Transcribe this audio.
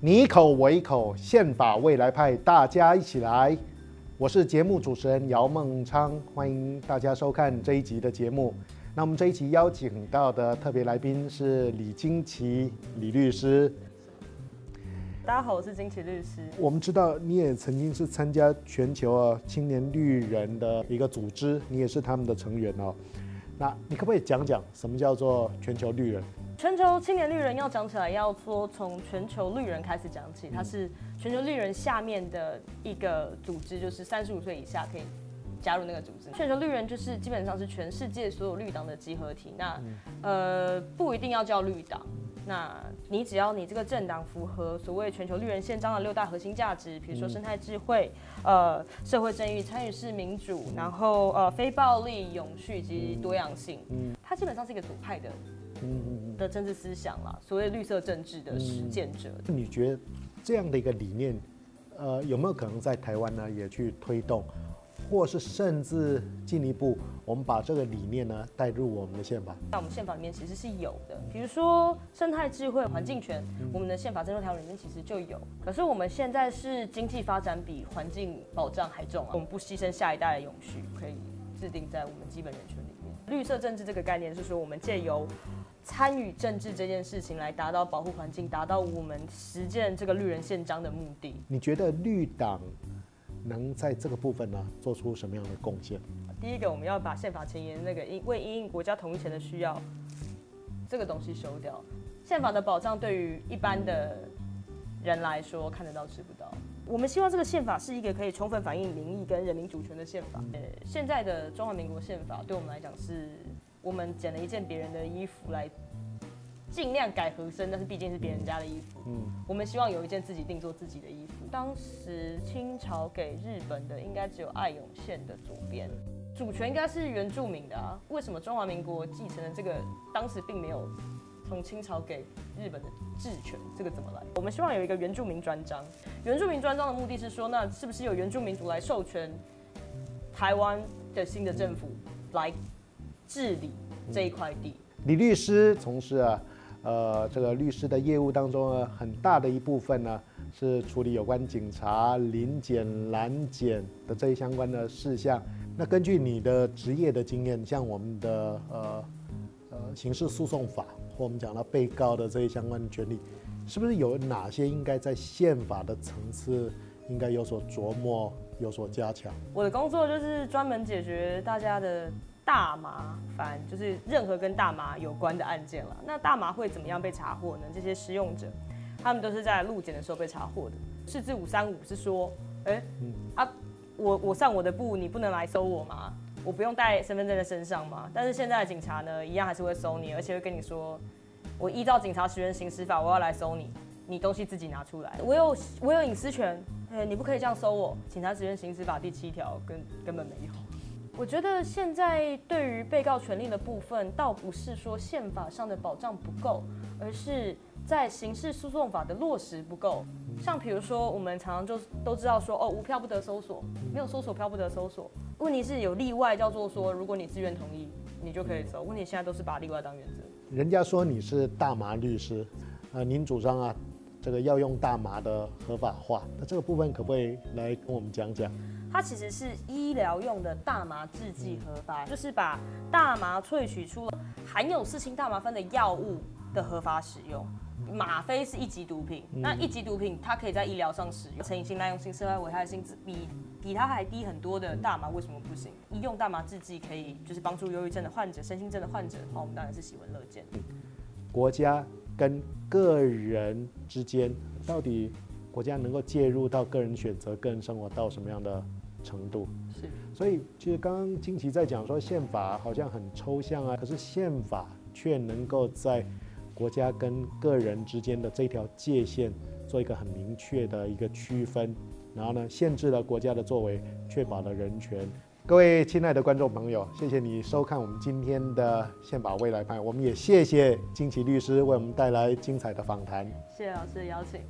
你一口，我一口，憲法未來派，大家一起來。我是節目主持人姚孟昌，歡迎大家收看這一集的節目。那我們這一集邀請到的特別來賓是李菁琪李律師。大家好，我是菁琪律師。我們知道你也曾經是參加全球青年綠人的一個組織，你也是他們的成員哦。那你可不可以講講什麼叫做全球綠人？全球青年綠人要講起來，要說從全球綠人開始講起，它是全球綠人下面的一個組織，就是三十五歲以下可以加入那個組織。全球綠人就是基本上是全世界所有綠黨的集合體，那呃，不一定要叫綠黨。那你只要你這個政黨符合所謂全球綠人憲章的六大核心價值，比如說生態智慧、嗯、呃社會正義、參與式民主，嗯、然後呃非暴力、永續及多樣性，嗯嗯、它基本上是一個左派的、嗯嗯嗯、的政治思想啦。所謂綠色政治的實踐者。嗯、對你覺得這樣的一個理念，呃，有沒有可能在台灣呢也去推動？或是甚至進一步，我們把這個理念呢帶入我們的憲法。在我們憲法裡面其實是有的，比如說生態智慧、環境權，嗯嗯、我們的憲法增修條文裡面其實就有。可是我們現在是經濟發展比環境保障還重啊，我們不犧牲下一代的永續，可以制定在我們基本人權裡面。綠色政治這個概念是說，我們借由參與政治這件事情來達到保護環境，達到我們實踐這個綠人憲章的目的。你覺得綠黨？能在這個部分呢、啊、做出什麼樣的貢獻？第一個，我們要把憲法前言那個，因為應國家統一前的需要，這個東西修掉。憲法的保障對於一般的人來說、嗯、看得到、吃不到。我們希望這個憲法是一個可以充分反映民意跟人民主權的憲法。呃、嗯，現在的中華民國憲法對我們來講，是我們撿了一件別人的衣服來。盡量改合身，但是畢竟是別人家的衣服。嗯，我們希望有一件自己定做自己的衣服。當時清朝給日本的應該只有愛永縣的左邊，主權應該是原住民的啊。為什麼中華民國繼承了這個？當時並沒有從清朝給日本的治權，這個怎麼來？我們希望有一個原住民專章。原住民專章的目的是說，那是不是有原住民族來授權台灣的新的政府來治理這一塊地、嗯。李律師從事啊。呃，這個律師的業務當中呢，很大的一部分呢，是處理有關警察、臨檢、攔檢的這一相關的事項。那根據你的職業的經驗，像我們的呃呃刑事訴訟法，或我們講到被告的這一相關的權利，是不是有哪些應該在憲法的層次應該有所琢磨、有所加強？我的工作就是專門解決大家的。大麻，反正就是任何跟大麻有關的案件了。那大麻會怎麼樣被查獲呢？這些使用者，他們都是在路檢的時候被查獲的。釋字五三五是說，哎、欸，啊，我我上我的步，你不能來搜我嗎？我不用帶身份證在身上嗎？但是現在的警察呢，一樣還是會搜你，而且會跟你說，我依照警察職權行使法，我要來搜你，你東西自己拿出來。我有我有隱私權、欸，你不可以這樣搜我。警察職權行使法第七條根根本沒有。我覺得現在對於被告權利的部分，倒不是說憲法上的保障不夠，而是在刑事訴訟法的落實不夠。像比如說，我們常常就都知道說，哦，無票不得搜索，沒有搜索票不得搜索。問題是有例外，叫做說，如果你自願同意，你就可以搜。問題現在都是把例外當原則。人家說你是大麻律師，啊，您主張啊，這個要用大麻的合法化，那這個部分可不可以來跟我們講講？它其實是醫療用的大麻製劑合法，嗯、就是把大麻萃取出含有四氫大麻酚的藥物的合法使用。嗎啡、嗯、是一級毒品，嗯、那一級毒品它可以在醫療上使用，嗯、成癮性、耐用性、社會危害性比比它還低很多的大麻、嗯、為什麼不行？醫用大麻製劑可以，就是幫助憂鬱症的患者、身心症的患者的話，我們當然是喜聞樂見、嗯。國家跟個人之間到底？國家能夠介入到個人選擇、個人生活到什麼樣的程度？是，所以其實剛剛菁琪在講說，憲法好像很抽象啊，可是憲法卻能夠在國家跟個人之間的這條界限做一個很明確的一個區分，然後呢，限制了國家的作為，確保了人權。各位親愛的觀眾朋友，謝謝你收看我們今天的《憲法未來派》，我們也謝謝菁琪律師為我們帶來精彩的訪談。謝謝老師的邀請。